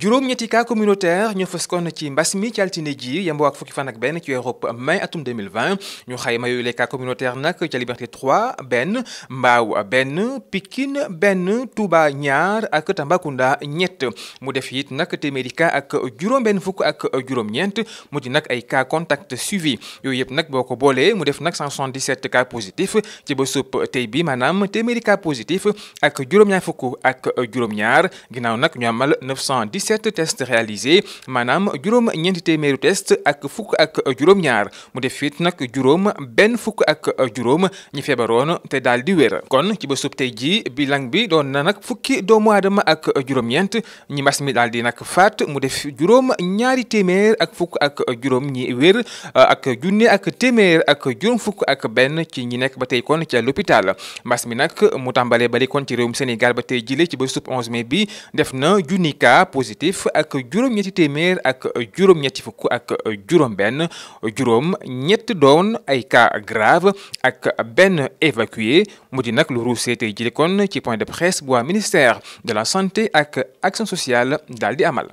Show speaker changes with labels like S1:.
S1: juróom-ñetti cas communautaire ñu fës kon ci mbas mi ci altine ji yemboo ak fukki fanak benn ci Europe mai atum 2020 ñu xayma yooyu les cas communautaire nag ca Liberté 3 benn Mbaaw benn Pikine benn Touba ñaar ak Tambacounda ñett mu def it nag téeméeri cas ak juróom-benn fukk ak juróom-ñeent mu di nag ay cas contact suivi yooyu yëpp nag boo ko boolee mu def nag 177 cas positif ci ba supp tey bi maanaam téeméeri cas positif ak juróom-ñaar fukk ak juróom ginnaaw nag ñu amal 910 sept tests réalisés maanaam juróom ñeenti téeméeru test ak fukk ak juróom-ñaar mu def it nag juróom benn fukk ak juróom ñi feebaroon te daal di wér kon ci bésub tey jii bilang bi doon na nag fukki doomu aadama ak juróom-ñeent ñi mbas mi daal di nag faat mu def juróom ñaari téeméer ak fukk ak juróom ñi wér ak junne ak téeméer ak juróom fukk ak benn ci ñi nekk ba tey kon ci l'hôpital mbas mi nag mu tàmbalee bari kon ci réewum Sénégal ba tey jile ci bésub 11 mai bi ak juróom-ñetti téeméer ak juróom-ñetti fukk ak juróom-benn juróom ñett doon ay cas grave ak benn évacué mu di nag lu ruusee tey jëlee kon ci point de presse bu waa ministère de la santé ak action sociale daal di amal.